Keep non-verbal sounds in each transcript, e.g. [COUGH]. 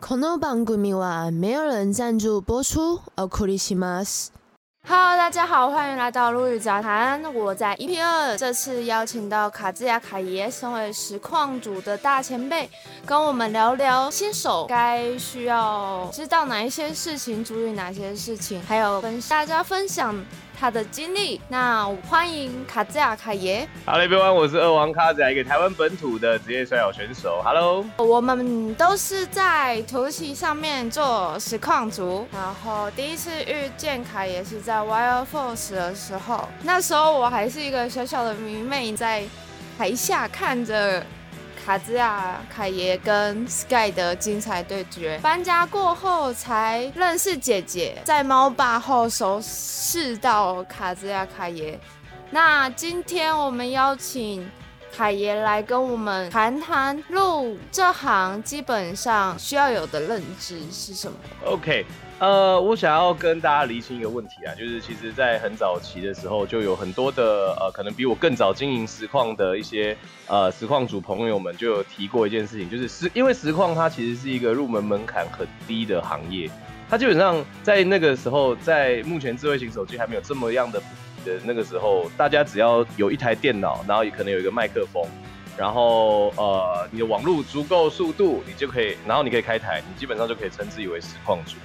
この番組は、沒有人贊助播出。おかえりします。Hello，大家好，歡迎來到《鹿語雜談》。我在 EP 二，這次邀請到卡茲亞卡爺，ye, 身為實況主的大前輩，跟我們聊聊新手該需要知道哪一些事情，注意哪些事情，還有跟大家分享。他的經歷，那歡迎卡茲亞卡爺。Hello，everyone，我是惡王卡茲亞，一個台灣本土的職業摔角選手。Hello，我們都是在 Twitch 上面做實況主，然後第一次遇見卡爺是在 WireForce 的時候，那時候我還是一個小小的迷妹，在台下看着。卡茲亞、卡爺跟 Sky 的精彩對決。搬家過後才認識姐姐，在貓爸後熟識到卡茲亞、卡爺。那今天我們邀請。卡爺來跟我們談談入這行，基本上需要有的認知是什麼？OK，呃，我想要跟大家釐清一個問題啊，就是其實，在很早期的時候，就有很多的呃，可能比我更早經營實況的一些呃實況主朋友們，就有提過一件事情，就是實因為實況它其實是一個入門門檻很低的行業，它基本上在那個時候，在目前智慧型手機還沒有這麼樣的。的那個時候，大家只要有一台電腦，然後也可能有一個麥克風，然後呃，你的網絡足夠速度，你就可以，然後你可以開台，你基本上就可以稱自己為實況主。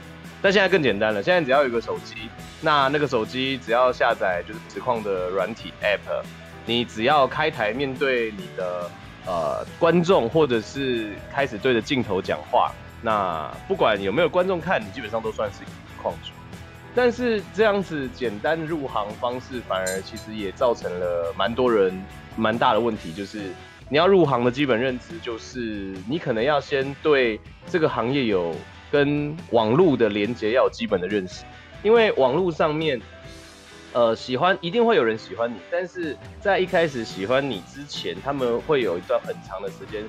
但現在更簡單了，現在只要有個手機，那那個手機只要下載就是實況的軟體 App，你只要開台面對你的呃觀眾，或者是開始對着鏡頭講話，那不管有沒有觀眾看你，基本上都算是實況主。但是這樣子簡單入行方式，反而其實也造成了蠻多人蠻大的問題，就是你要入行的基本認知，就是你可能要先對這個行業有跟網路的連接要有基本的認識，因為網路上面，呃，喜歡一定會有人喜歡你，但是在一開始喜歡你之前，他們會有一段很長的時間，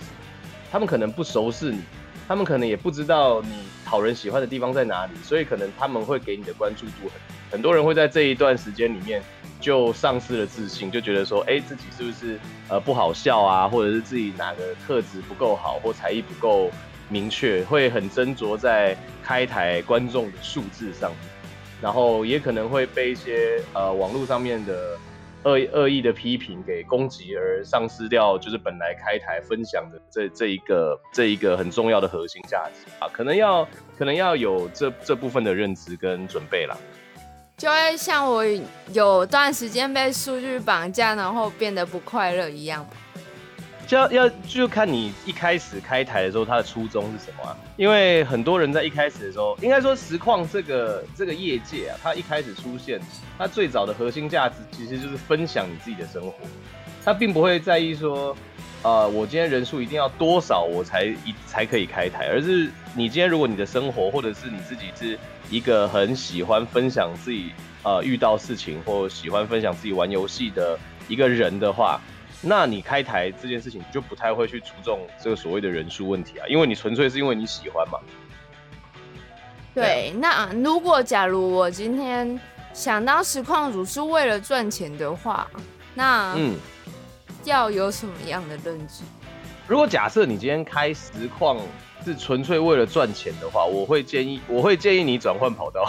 他們可能不熟識你。他們可能也不知道你討人喜歡的地方在哪裡，所以可能他們會給你的關注度很，很多人會在這一段時間裡面就喪失了自信，就覺得說，哎、欸，自己是不是呃不好笑啊，或者是自己哪個特質不夠好或才藝不夠明確，會很斟酌在開台觀眾的數字上面，然後也可能會被一些呃網絡上面的。惡意惡意的批評給攻擊而喪失掉，就是本來開台分享的這這一個這一個很重要的核心價值啊，可能要可能要有這這部分的認知跟準備啦，就會像我有段時間被數據綁架，然後變得不快樂一樣。就要要就看你一開始開台的時候，他的初衷是什麼啊？因為很多人在一開始的時候，應該說實況這個這個業界啊，它一開始出現，它最早的核心價值其實就是分享你自己的生活，它並不會在意說，啊、呃，我今天人數一定要多少我才一才可以開台，而是你今天如果你的生活或者是你自己是一個很喜歡分享自己呃遇到事情或喜歡分享自己玩遊戲的一個人的話。那你開台這件事情，你就不太會去注重這個所謂的人數問題啊，因為你純粹是因為你喜歡嘛。對啊、對，那如果假如我今天想當實況主是為了賺錢的話，那、嗯、要有什麼樣的認知？如果假設你今天開實況是純粹為了賺錢的話，我會建議，我會建議你轉換跑道，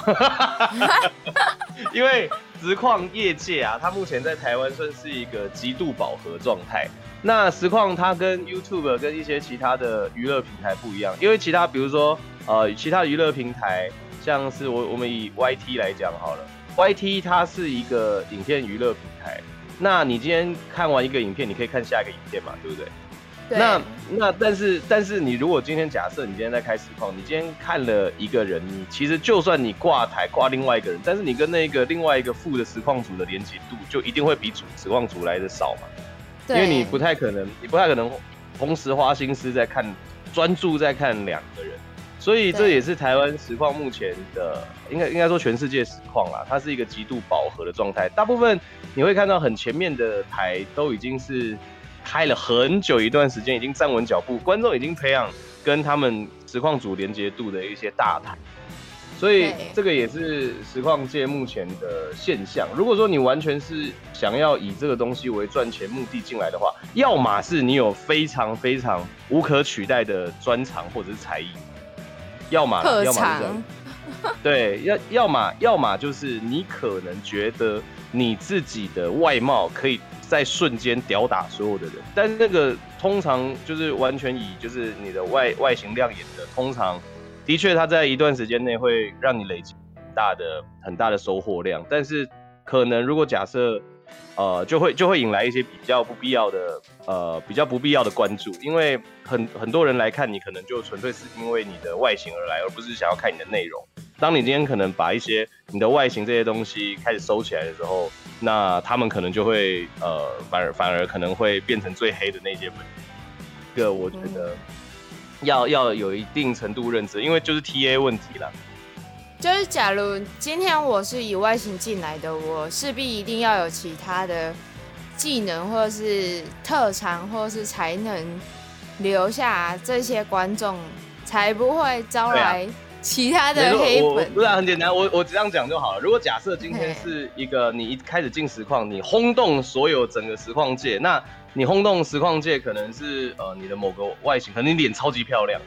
[LAUGHS] [LAUGHS] [LAUGHS] 因為。實況業界啊，它目前在台灣算是一個極度飽和狀態。那實況它跟 YouTube 跟一些其他的娛樂平台不一樣，因為其他比如說呃，其他娛樂平台像是我我們以 YT 來講好了，YT 它是一個影片娛樂平台。那你今天看完一個影片，你可以看下一個影片嘛，對不對？對那那但是但是你如果今天假設你今天在開實況，你今天看了一個人，你其實就算你掛台掛另外一個人，但是你跟那個另外一個副的實況主的連接度，就一定會比主實況主來的少嘛，對。因為你不太可能，你不太可能同時花心思在看，專注在看兩個人，所以這也是台灣實況目前的，對應該應該說全世界實況啦，它是一個極度飽和的狀態，大部分你會看到很前面的台都已經是。開了很久一段時間，已經站穩腳步，觀眾已經培養跟他們實況組連接度的一些大台，所以對這個也是實況界目前的現象。如果說你完全是想要以這個東西為賺錢目的進來的話，要麼是你有非常非常無可取代的專長或者是才藝，要麼長要麼、就是、對， [LAUGHS] 要要麼要麼就是你可能覺得你自己的外貌可以。在瞬間吊打所有的人，但是那個通常就是完全以就是你的外外形亮眼的，通常的確他在一段時間內會讓你累積很大的很大的收穫量，但是可能如果假設。呃，就會就會引來一些比較不必要的呃，比較不必要的關注，因為很很多人來看你，可能就純粹是因為你的外形而來，而不是想要看你的內容。當你今天可能把一些你的外形這些東西開始收起來的時候，那他們可能就會呃，反而反而可能會變成最黑的那些問題。這個我覺得要要有一定程度認知，因為就是 TA 問題了。就是，假如今天我是以外形進來的，我勢必一定要有其他的技能，或者是特長，或者是才能留下這些觀眾，才不會招來其他的黑粉。不是、啊啊、很簡單，我我這樣講就好了。如果假設今天是一個你一開始進實況，嘿你轟動所有整個實況界，那你轟動實況界，可能是呃你的某個外形，可能你臉超級漂亮，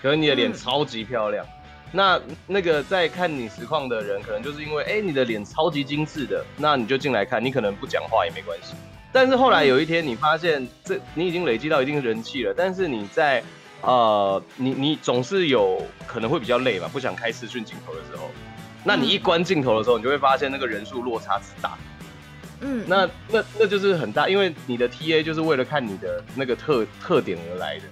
可能你的臉超級漂亮。嗯那那個在看你實況的人，可能就是因為哎你的臉超級精緻的，那你就進來看，你可能不講話也沒關係。但是後來有一天你發現，這你已經累積到一定人氣了，但是你在呃你你總是有可能會比較累嘛，不想開視訊鏡頭的時候，那你一關鏡頭的時候，你就會發現那個人數落差之大。嗯，那那那就是很大，因為你的 TA 就是為了看你的那個特特點而來的。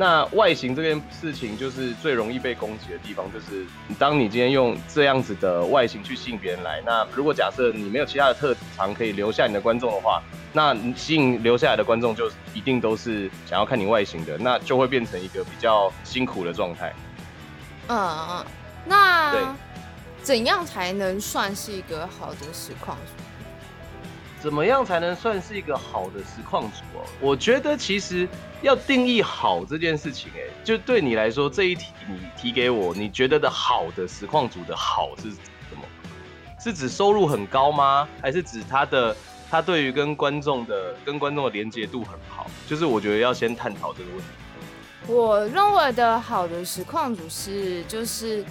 那外形這件事情，就是最容易被攻擊的地方。就是當你今天用這樣子的外形去吸引別人來，那如果假設你沒有其他的特長可以留下你的觀眾的話，那你吸引留下來的觀眾就一定都是想要看你外形的，那就會變成一個比較辛苦的狀態。嗯嗯、呃，那對怎樣才能算是一個好的實況？怎麼樣才能算是一個好的實況主哦、啊？我覺得其實要定義好這件事情、欸，哎，就對你來說，這一題你提給我，你覺得的好的實況主的好是什麼？是指收入很高嗎？還是指他的他對於跟觀眾的跟觀眾的連接度很好？就是我覺得要先探討這個問題。我認為的好的實況主是，就是，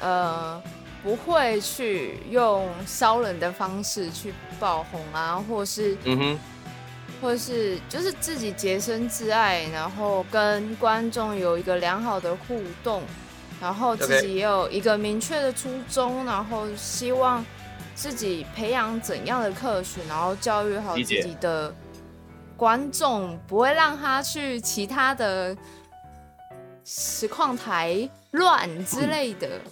呃。不會去用燒人的方式去爆紅啊，或是，嗯、哼或是就是自己潔身自愛，然後跟觀眾有一個良好的互動，然後自己也有一個明確的初衷，Okay. 然後希望自己培養怎樣的客群，然後教育好自己的觀眾，解不會讓他去其他的實況台亂之類的。嗯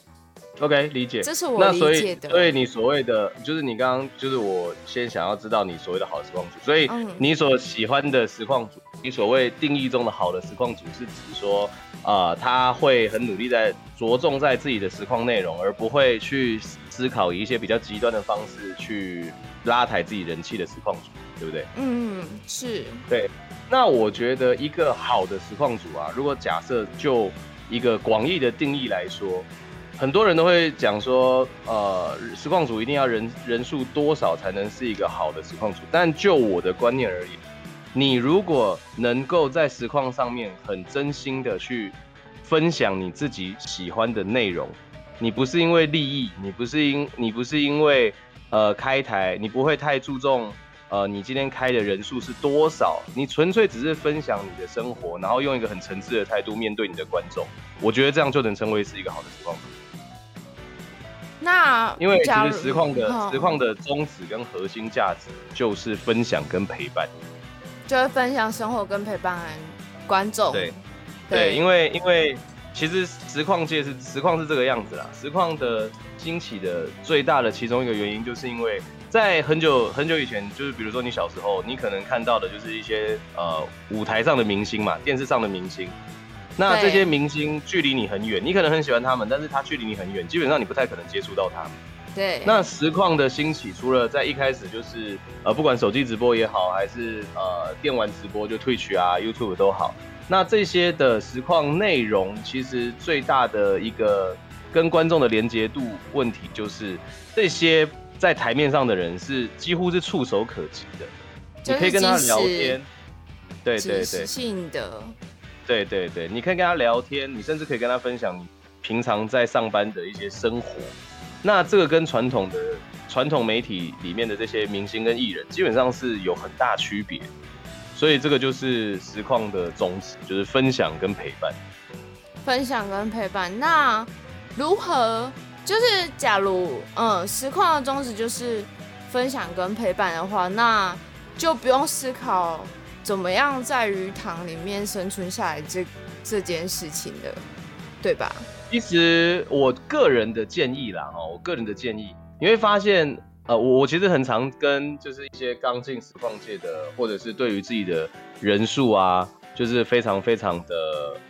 OK，理解。這是我理解的。那所以，對，你所謂的就是你剛剛就是我先想要知道你所謂的好實況主，所以你所喜歡的實況主，嗯、你所謂定義中的好的實況主，是指說、呃，他會很努力在着重在自己的實況內容，而不會去思考一些比較極端的方式去拉抬自己人氣的實況主，對不對？嗯，是。對，那我覺得一個好的實況主啊，如果假設就一個廣義的定義來說。很多人都會講說，呃，實況主一定要人人數多少才能是一個好的實況主。但就我的觀念而言，你如果能夠在實況上面很真心的去分享你自己喜歡的內容，你不是因為利益，你不是因你不是因為呃開台，你不會太注重呃你今天開的人數是多少，你純粹只是分享你的生活，然後用一個很誠摯的態度面對你的觀眾，我覺得這樣就能稱為是一個好的實況主。那因為其實實況的、嗯、實況的宗旨跟核心價值就是分享跟陪伴，就是分享生活跟陪伴觀眾。對，對，對，因為因為其實實況界是實況是這個樣子啦。實況的興起的最大的其中一個原因，就是因為在很久很久以前，就是比如說你小時候，你可能看到的就是一些呃舞台上的明星嘛，電視上的明星。那這些明星距離你很遠，對你可能很喜歡他們，但是他距離你很遠，基本上你不太可能接觸到他們。對。那實況的興起，除了在一開始就是呃，不管手機直播也好，還是呃電玩直播就 Twitch 啊、YouTube 都好，那這些的實況內容，其實最大的一個跟觀眾的連接度問題，就是這些在台面上的人是幾乎是觸手可及的，你可以跟他們聊天。性的對對對。對對對，你可以跟他聊天，你甚至可以跟他分享你平常在上班的一些生活。那這個跟傳統的傳統媒體裡面的這些明星跟藝人，基本上是有很大區別。所以這個就是實況的宗旨，就是分享跟陪伴。分享跟陪伴，那如何？就是假如嗯，實況的宗旨就是分享跟陪伴的話，那就不用思考。怎麼樣在魚塘裡面生存下來這這件事情的，對吧？其實我個人的建議啦，哈，我個人的建議，你會發現，呃，我我其實很常跟就是一些剛進實況界的，或者是對於自己的人數啊，就是非常非常的、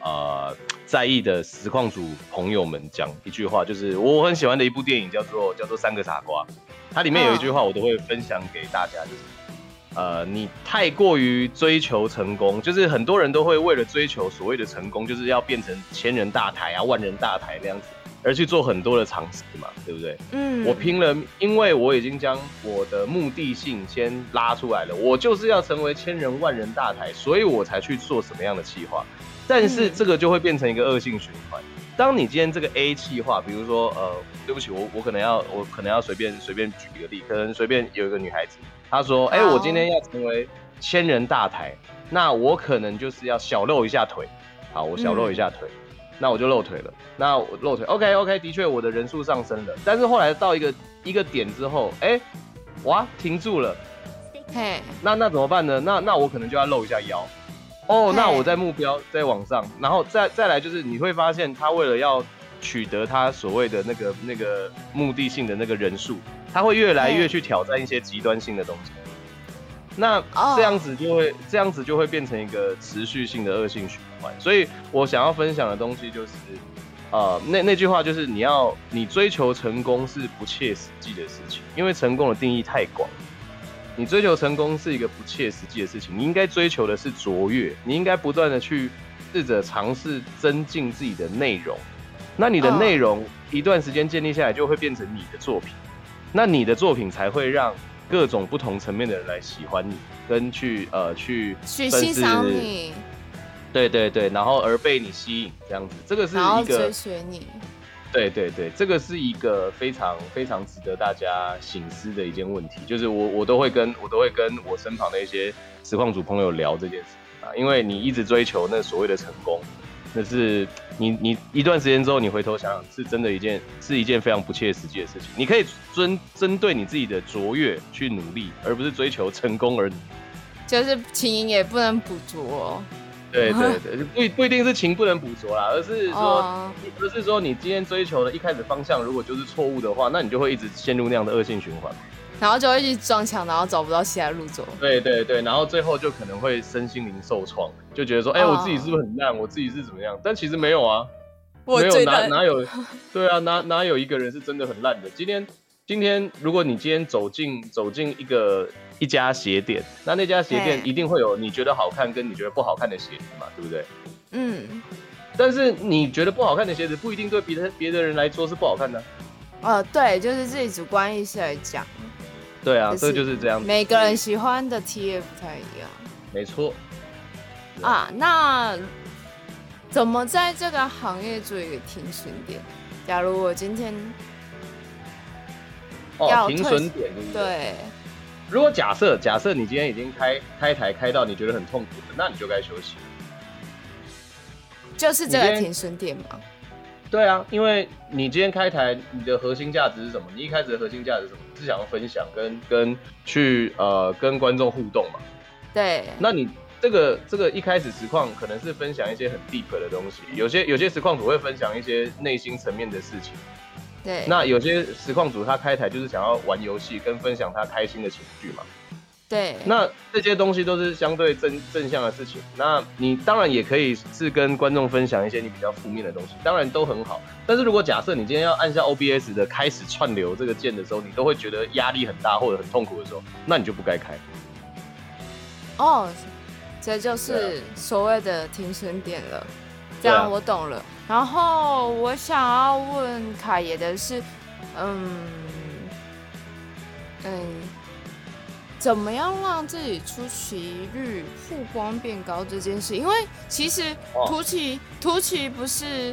呃、在意的實況主朋友們講一句話，就是我很喜歡的一部電影叫做叫做三個傻瓜，它裡面有一句話我都會分享給大家、就是。嗯呃，你太過於追求成功，就是很多人都會為了追求所謂的成功，就是要變成千人大台啊、萬人大台那樣子，而去做很多的嘗試嘛，對不對？嗯，我拼了，因為我已經將我的目的性先拉出來了，我就是要成為千人、萬人大台，所以我才去做什麼樣的計劃。但是這個就會變成一個惡性循環。嗯，當你今天這個 A 計劃，比如說，呃，對不起，我我可能要我可能要隨便隨便舉一個例，可能隨便有一個女孩子。他說：“哎好、欸，我今天要成為千人大台，那我可能就是要小露一下腿。好，我小露一下腿，嗯、那我就露腿了。那我露腿，OK OK，的確我的人數上升了。但是後來到一個一個點之後，哎、欸，哇，停住了。嘿，那那怎麼辦呢？那那我可能就要露一下腰。哦、oh, 嘿，那我在目標再往上，然後再再來就是你會發現，他為了要取得他所謂的那個那個目的性的那個人數。”他會越來越去挑戰一些極端性的東西，那這樣子就會、oh, 這樣子就會變成一個持續性的惡性循環。所以我想要分享的東西就是，呃、那那句話就是你要你追求成功是不切實際的事情，因為成功的定義太廣，你追求成功是一個不切實際的事情。你應該追求的是卓越，你應該不斷的去試着嘗試增進自己的內容。那你的內容一段時間建立下來，就會變成你的作品。那你的作品才會讓各種不同層面的人來喜歡你，跟去呃去去欣賞你，對對對，然後而被你吸引這樣子，這個是一個然後追隨你，對對對，這個是一個非常非常值得大家省思的一件問題，就是我我都會跟我都會跟我身旁的一些實況主朋友聊這件事啊，因為你一直追求那所謂的成功。那是你你一段時間之後，你回頭想想，是真的一件是一件非常不切實際的事情。你可以針針對你自己的卓越去努力，而不是追求成功而努力。就是勤贏也不能補拙，哦。對對對，不、嗯、哼不一定是勤不能補拙啦，而是說，哦、而是說你今天追求的一開始方向如果就是錯誤的話，那你就會一直陷入那樣的惡性循環。然後就會去撞牆，然後找不到其他路走。對對對，然後最後就可能會身心靈受創，就覺得說，哎、哦欸，我自己是不是很爛？我自己是怎麼樣？但其實沒有啊，我沒有哪哪有，對啊，哪哪有一個人是真的很爛的？今天今天，如果你今天走進走進一個一家鞋店，那那家鞋店、欸、一定會有你覺得好看跟你覺得不好看的鞋子嘛，對不對？嗯。但是你覺得不好看的鞋子，不一定對別的別的人來說是不好看的。啊、呃。對，就是自己主觀意識來講。對啊，就是、所以就是這樣，每個人喜歡的 TF 不太一樣。沒錯。啊，那怎麼在這個行業做一個停損點？假如我今天要、哦、停損點是不是，對。如果假設，假設你今天已經開開台開到你覺得很痛苦的，那你就該休息。就是這個停損點嘛。對啊，因為你今天開台，你的核心價值是什麼？你一開始的核心價值是什麼？是想要分享跟，跟跟去呃跟觀眾互動嘛。對。那你這個這個一開始實況可能是分享一些很 deep 的東西，有些有些實況主會分享一些內心層面的事情。對。那有些實況主他開台就是想要玩遊戲，跟分享他開心的情緒嘛。對，那這些東西都是相對正正向的事情。那你當然也可以是跟觀眾分享一些你比較負面的東西，當然都很好。但是如果假設你今天要按下 OBS 的開始串流這個鍵的時候，你都會覺得壓力很大或者很痛苦的時候，那你就不該開。哦，這就是所謂的停損點了。對啊，這樣我懂了。啊，然後我想要問卡爺的是，嗯，嗯。怎麼樣讓自己出奇率曝光變高這件事？因為其實圖奇、哦、圖奇不是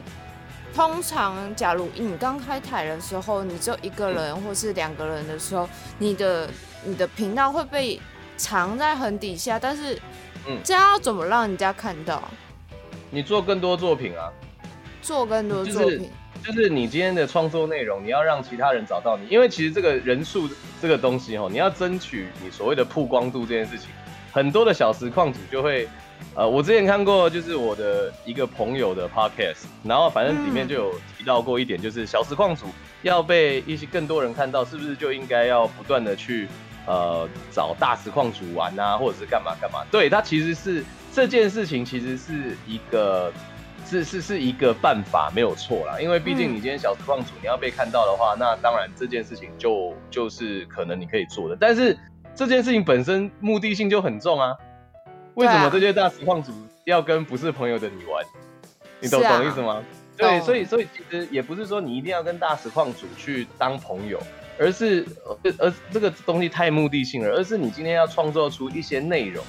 通常，假如你剛開台的時候，你只有一個人或是兩個人的時候，嗯、你的你的頻道會被藏在很底下。但是，嗯、這樣要怎麼讓人家看到？你做更多作品啊！做更多作品。就是你今天的創作內容，你要讓其他人找到你，因為其實這個人數這個東西哦，你要爭取你所謂的曝光度這件事情，很多的小實況主就會，呃，我之前看過，就是我的一個朋友的 podcast，然後反正裡面就有提到過一點，就是小實況主要被一些更多人看到，是不是就應該要不斷的去呃找大實況主玩啊，或者是幹嘛幹嘛？對，他其實是這件事情其實是一個。是是是一個辦法沒有錯啦，因為畢竟你今天小實況主你要被看到的話，嗯、那當然這件事情就就是可能你可以做的，但是這件事情本身目的性就很重啊。為什麼這些大實況主要跟不是朋友的你玩？啊、你懂懂意思嗎？啊、對，所以所以其實也不是說你一定要跟大實況主去當朋友，而是而，而這個東西太目的性了，而是你今天要創作出一些內容。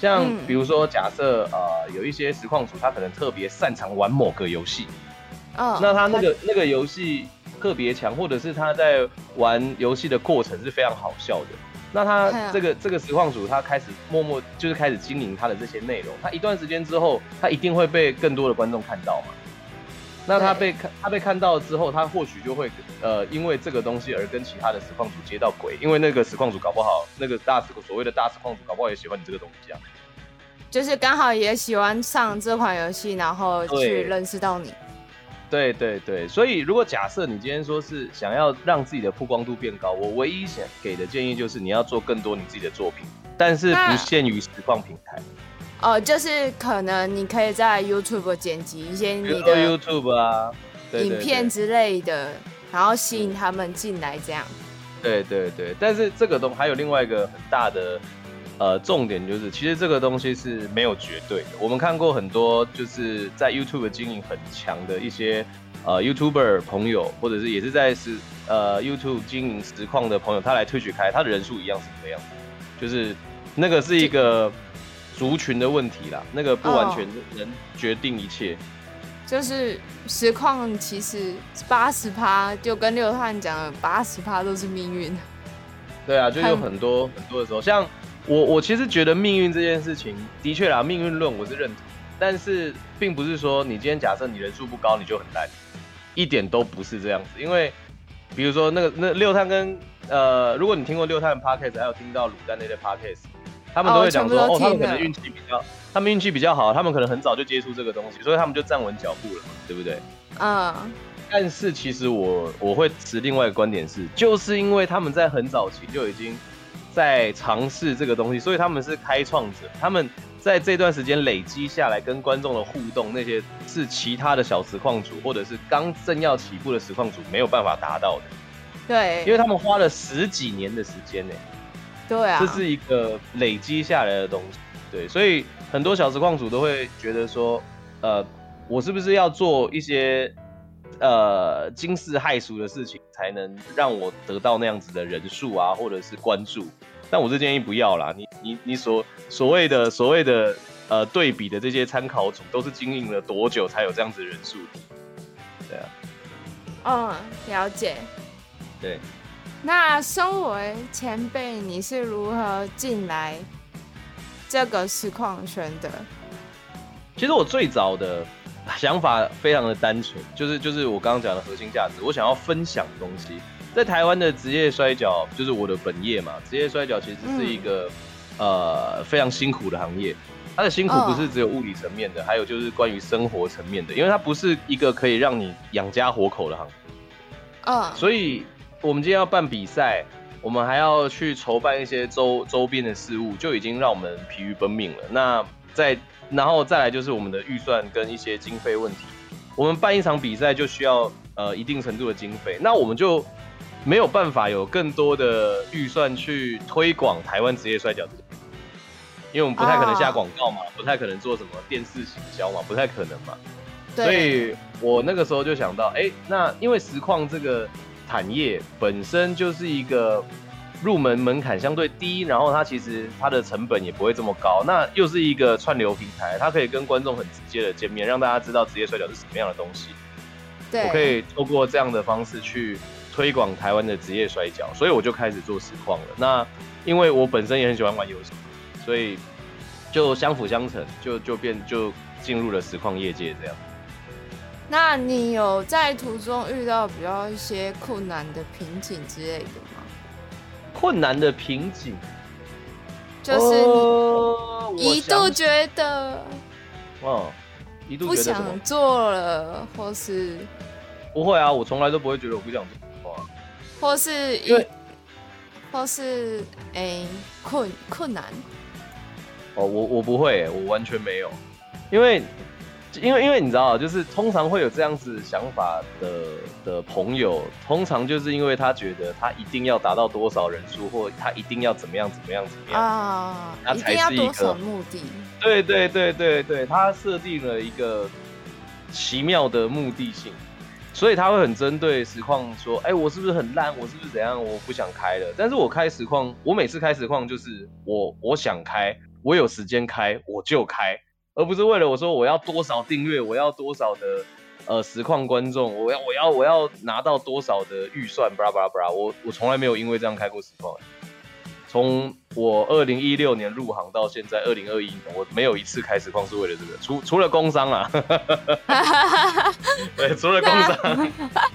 像比如說假，假設、嗯、呃有一些實況主，他可能特別擅長玩某個遊戲，啊、哦，那他那個他那個遊戲特別強，或者是他在玩遊戲的過程是非常好笑的，那他這個、啊、這個實況主，他開始默默就是開始經營他的這些內容，他一段時間之後，他一定會被更多的觀眾看到嘛？那他被看，對他被看到之後，他或許就會，呃，因為這個東西而跟其他的實況主接到軌，因為那個實況主搞不好，那個大所謂的大實況主搞不好也喜歡你這個東西啊，就是剛好也喜歡上這款遊戲，然後去認識到你對。對對對，所以如果假設你今天說是想要讓自己的曝光度變高，我唯一想給的建議就是你要做更多你自己的作品，但是不限於實況平台。哦、呃，就是可能你可以在 YouTube 剪輯一些你的 YouTube 啊，影片之類的，啊、對對對，然後吸引他們進來這樣。對對對，但是這個東還有另外一個很大的、呃、重點就是，其實這個東西是沒有絕對的。我們看過很多就是在 YouTube 經營很強的一些呃 YouTuber 朋友，或者是也是在是呃 YouTube 經營實況的朋友，他來 Twitch 開，他的人數一樣是什麼樣子？就是那個是一個。這個族群的問題啦，那個不完全能決定一切。Oh, 就是實況其實八十趴就跟六探講了80，八十趴都是命運。對啊，就有很多很、很多的時候，像我我其實覺得命運這件事情的確啦，命運論我是認同，但是並不是說你今天假設你人數不高，你就很難，一點都不是這樣子。因為比如說那個那六探跟呃，如果你聽過六探 Podcast，還有聽到滷蛋那些 Podcast。他們都會講說，oh, 哦，他們可能運氣比較，他們運氣比較好，他們可能很早就接觸這個東西，所以他們就站穩腳步了，對不對？啊。Uh, 但是其實我我會持另外一個觀點是，就是因為他們在很早期就已經在嘗試這個東西，所以他們是開創者。他們在這段時間累積下來跟觀眾的互動，那些是其他的小實況主或者是剛正要起步的實況主沒有辦法達到的。對，因為他們花了十幾年的時間呢、欸。對啊，這是一個累積下來的東西，對，所以很多小實況主都會覺得說，呃，我是不是要做一些呃驚世駭俗的事情，才能讓我得到那樣子的人數啊，或者是關注？但我是建議不要啦，你你你所所謂的所謂的呃對比的這些參考組，都是經營了多久才有這樣子的人數的？對啊，嗯、哦，了解，對。那身為前輩，你是如何進來這個實況圈的？其實我最早的想法非常的單純，就是就是我剛剛講的核心價值，我想要分享的東西。在台灣的職業摔角就是我的本業嘛，職業摔角其實是一個、嗯、呃非常辛苦的行業，它的辛苦不是只有物理層面的，嗯、還有就是關於生活層面的，因為它不是一個可以讓你養家活口的行業。嗯、所以。我們今天要辦比賽，我們還要去籌辦一些周周邊的事務，就已經讓我們疲於奔命了。那再，然後再來就是我們的預算跟一些經費問題。我們辦一場比賽就需要呃一定程度的經費，那我們就沒有辦法有更多的預算去推廣台灣職業摔角這，因為我們不太可能下廣告嘛，啊、不太可能做什麼電視行銷嘛，不太可能嘛。對所以我那個時候就想到，哎，那因為實況這個。產業本身就是一個入門門檻相對低，然後它其實它的成本也不會這麼高，那又是一個串流平台，它可以跟觀眾很直接的見面，讓大家知道職業摔角是什麼樣的東西。對，我可以透過這樣的方式去推廣台灣的職業摔角，所以我就開始做實況了。那因為我本身也很喜歡玩遊戲，所以就相輔相成，就就變就進入了實況業界這樣。那你有在途中遇到比較一些困難的瓶頸之類的嗎？困難的瓶頸，就是你一度覺得，哦，一度不想做了，或是不會啊，我從來都不會覺得我不想做啊，或是，或是，哎，困困難，哦、喔，我我不會、欸，我完全沒有，因為。因為，因為你知道，就是通常會有這樣子想法的的朋友，通常就是因為他覺得他一定要達到多少人數，或他一定要怎麼樣，怎麼樣，怎麼樣，那才是一個目的。對對對對對，他設定了一個奇妙的目的性，所以他會很針對實況說：“哎、欸，我是不是很爛？我是不是怎樣？我不想開了。但是，我開實況，我每次開實況就是我我想開，我有時間開我就開。”而不是為了我說我要多少訂閱，我要多少的呃實況觀眾，我要我要我要拿到多少的預算，巴拉巴拉巴拉，我我從來沒有因為這樣開過實況。從我二零一六年入行到現在二零二一年，我沒有一次開實況是為了這個，除除了工商啊， [LAUGHS] 對，除了工商。 [LAUGHS]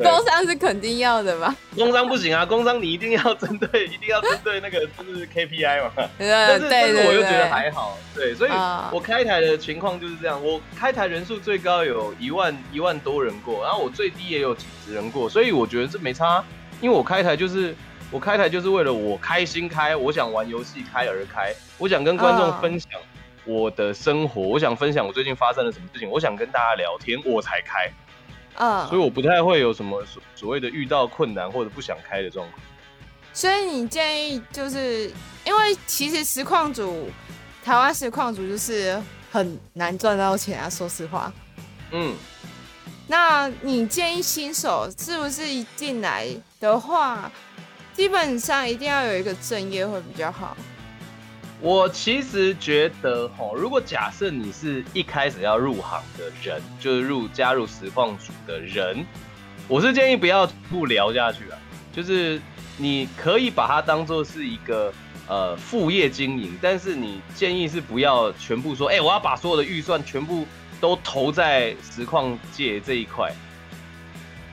對工商是肯定要的吧？ [LAUGHS] 工商不行啊，工商你一定要針對，一定要針對那個就是 KPI 嘛。對對對對。但是但是我又覺得還好，對，對，對，對，對，所以我開台的情況就是這樣，我開台人數最高有一萬一萬多人過，然後我最低也有幾十人過，所以我覺得這沒差，因為我開台就是我開台就是為了我開心開，我想玩遊戲開而開，我想跟觀眾分享我的生活，oh. 我的生活，我想分享我最近發生了什麼事情，我想跟大家聊天，我才開。嗯，所以我不太會有什麼所所謂的遇到困難或者不想開的狀況。所以你建議，就是因為其實實況主，台灣實況主就是很難賺到錢啊，說實話。嗯，那你建議新手是不是一進來的話，基本上一定要有一個正業會比較好？我其實覺得，吼，如果假設你是一開始要入行的人，就是入加入實況主的人，我是建議不要不聊下去啊。就是你可以把它當做是一個呃副業經營，但是你建議是不要全部說，哎、欸，我要把所有的預算全部都投在實況界這一塊。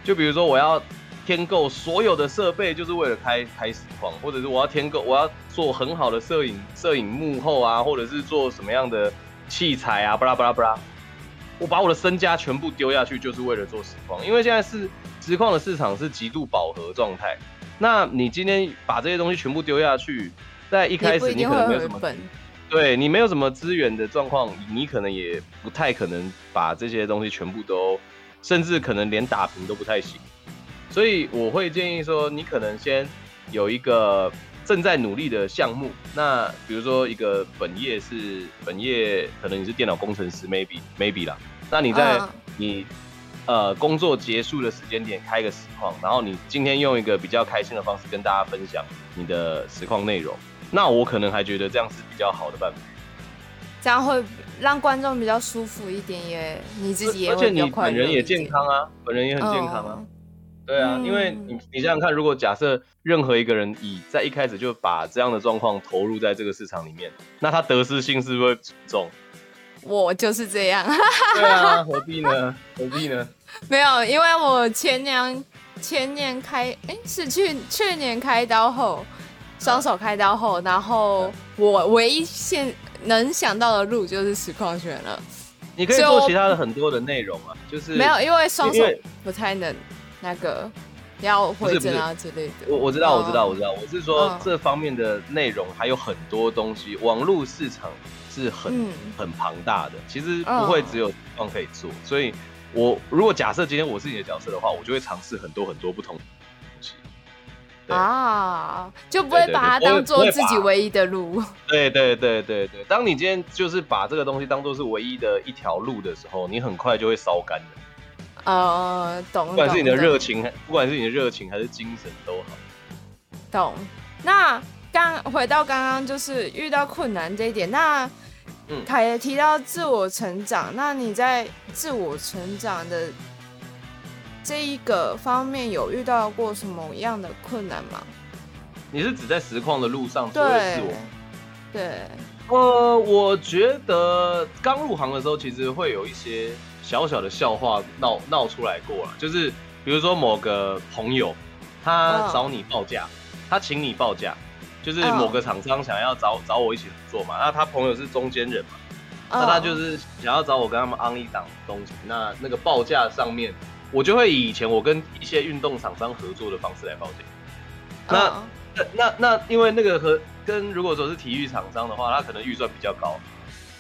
就比如說我要。添購所有的設備，就是為了開開實況，或者是我要添購，我要做很好的攝影，攝影幕後啊，或者是做什麼樣的器材啊，巴拉巴拉巴拉。我把我的身家全部丟下去，就是為了做實況，因為現在是實況的市場是極度飽和狀態。那你今天把這些東西全部丟下去，在一開始你可能沒有什麼，你會會對你沒有什麼資源的狀況，你可能也不太可能把這些東西全部都，甚至可能連打平都不太行。所以我會建議說，你可能先有一個正在努力的項目。那比如說一個本業是本業，可能你是電腦工程師，maybe maybe 啦。那你在你、嗯、呃工作結束的時間點開個實況，然後你今天用一個比較開心的方式跟大家分享你的實況內容。那我可能還覺得這樣是比較好的辦法。這樣會讓觀眾比較舒服一點也，也你自己也，而且你本人也健康啊，嗯、本人也很健康啊。嗯對啊，嗯、因為你你想想看，如果假設任何一個人以在一開始就把這樣的狀況投入在這個市場裡面，那他得失心是不是會重？我就是這樣。 [LAUGHS] 對啊，何必呢？何必呢？ [LAUGHS] 沒有，因為我前年前年開哎、欸、是去去年開刀後，雙手開刀後，然後我唯一現能想到的路就是實況圈了。你可以做其他的很多的內容啊，就，就是沒有，因為雙手不太能。那個你要回着啊之類的，不是不是，我我我知道，我知道，我知道，我是說這方面的內容還有很多東西，uh, 網絡市場是很、嗯、很龐大的，其實不會只有地方可以做，uh, 所以我如果假設今天我是你的角色的話，我就會嘗試很多很多不同的東西，啊，uh, 就不會把它當做自己唯一的路。 [LAUGHS] 對、對、對、對、對對對對對，當你今天就是把這個東西當做是唯一的一條路的時候，你很快就會燒乾的。呃，uh, 懂。不管是你的熱情，不管是你的熱情還是精神都好。懂。那剛回到剛剛就是遇到困難這一點，那卡、嗯、也提到自我成長。那你在自我成長的這一個方面有遇到過什麼樣的困難嗎？你是指在實況的路上自對我？對。呃，我覺得剛入行的時候其實會有一些。小小的笑話鬧鬧出來過了，就是比如說某個朋友他找你報價，oh. 他請你報價，就是某個廠商想要找找我一起合作嘛，oh. 那他朋友是中間人嘛，oh. 那他就是想要找我跟他們安一檔東西，那那個報價上面我就會以以前我跟一些運動廠商合作的方式來報價。oh. 那那那那因為那個和跟如果說是體育廠商的話，他可能預算比較高，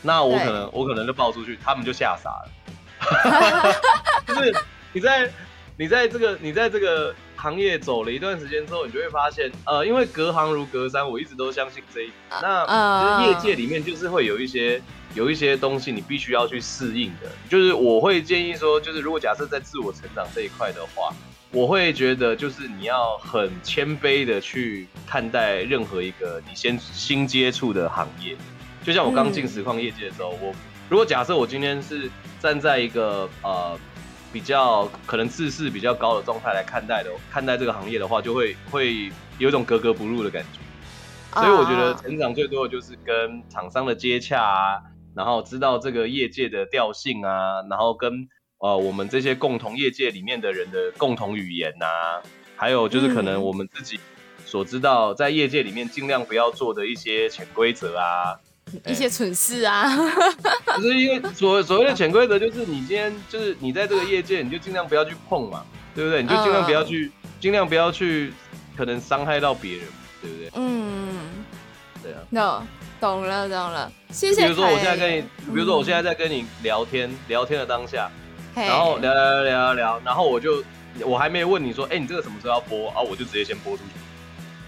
那我可能對我可能就報出去，他們就嚇傻了。哈哈哈，就是你在你在這個你在這個行業走了一段時間之後，你就會發現，呃，因為隔行如隔山，我一直都相信這一點。那嗯業界裡面就是會有一些有一些東西你必須要去適應的。就是我會建議說，就是如果假設在自我成長這一塊的話，我會覺得就是你要很謙卑的去看待任何一個你先新接觸的行業。就像我剛進實況業界的時候，我。嗯如果假設我今天是站在一個呃比較可能自視比較高的狀態來看待的看待這個行業的話，就會會有一種格格不入的感覺。所以我覺得成長最多的就是跟廠商的接洽啊，然後知道這個業界的調性啊，然後跟呃我們這些共同業界裡面的人的共同語言啊，還有就是可能我們自己所知道在業界裡面盡量不要做的一些潛規則啊。一些蠢事啊，欸、 [LAUGHS] 就是因為所所謂的潛規則，就是你今天就是你在這個業界，你就盡量不要去碰嘛，對不對？你就盡量不要去，盡量不要去，可能傷害到別人，對不對？嗯，對啊。No，懂了懂了，謝謝。比如說我現在跟你，比如說我現在在跟你聊天，聊天的當下，然後聊聊聊聊聊，然後我就我還沒問你說，哎，你這個什麼時候要播啊？我就直接先播出去。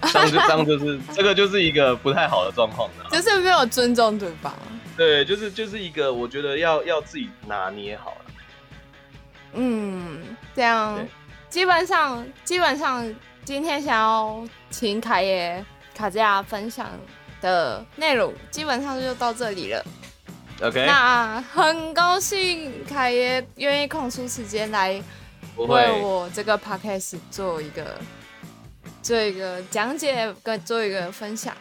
[LAUGHS] 這就，就是，這個就是一個不太好的狀況 [LAUGHS] 就是沒有尊重對方。對，就是就是一個，我覺得要要自己拿捏好了。嗯，這樣，Okay. 基本上基本上今天想要請卡爺卡茲亞分享的內容，基本上就到這裡了。OK，那很高興卡爺願意空出時間來為我這個 Podcast 做一個。做一個講解，跟做一個分享，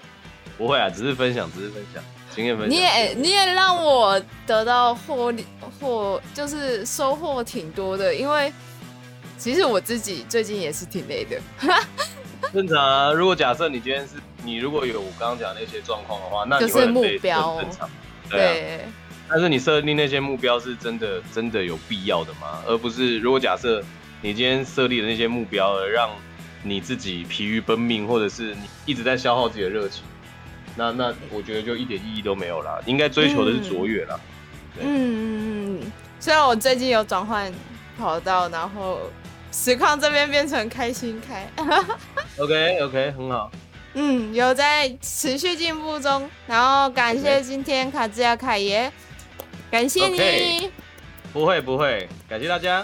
不會啊，只是分享，只是分享經驗分享。 [LAUGHS] 你也你也讓我得到獲獲，就是收穫挺多的，因為其實我自己最近也是挺累的。 [LAUGHS] 正常、啊，如果假設你今天是你如果有我剛剛講的那些狀況的話，那就是目標正常。對、啊，對但是你設立那些目標是真的真的有必要的嗎？而不是如果假設你今天設立的那些目標而讓。你自己疲於奔命，或者是你一直在消耗自己的熱情，那那我覺得就一點意義都沒有啦。應該追求的是卓越啦。嗯，對嗯，雖然我最近有轉換跑道，然後實況這邊變成開心開。 [LAUGHS] OK OK，很好。嗯，有在持續進步中。然後感謝今天卡茲亞卡爺，Okay. 感謝你。Okay. 不會不會，感謝大家。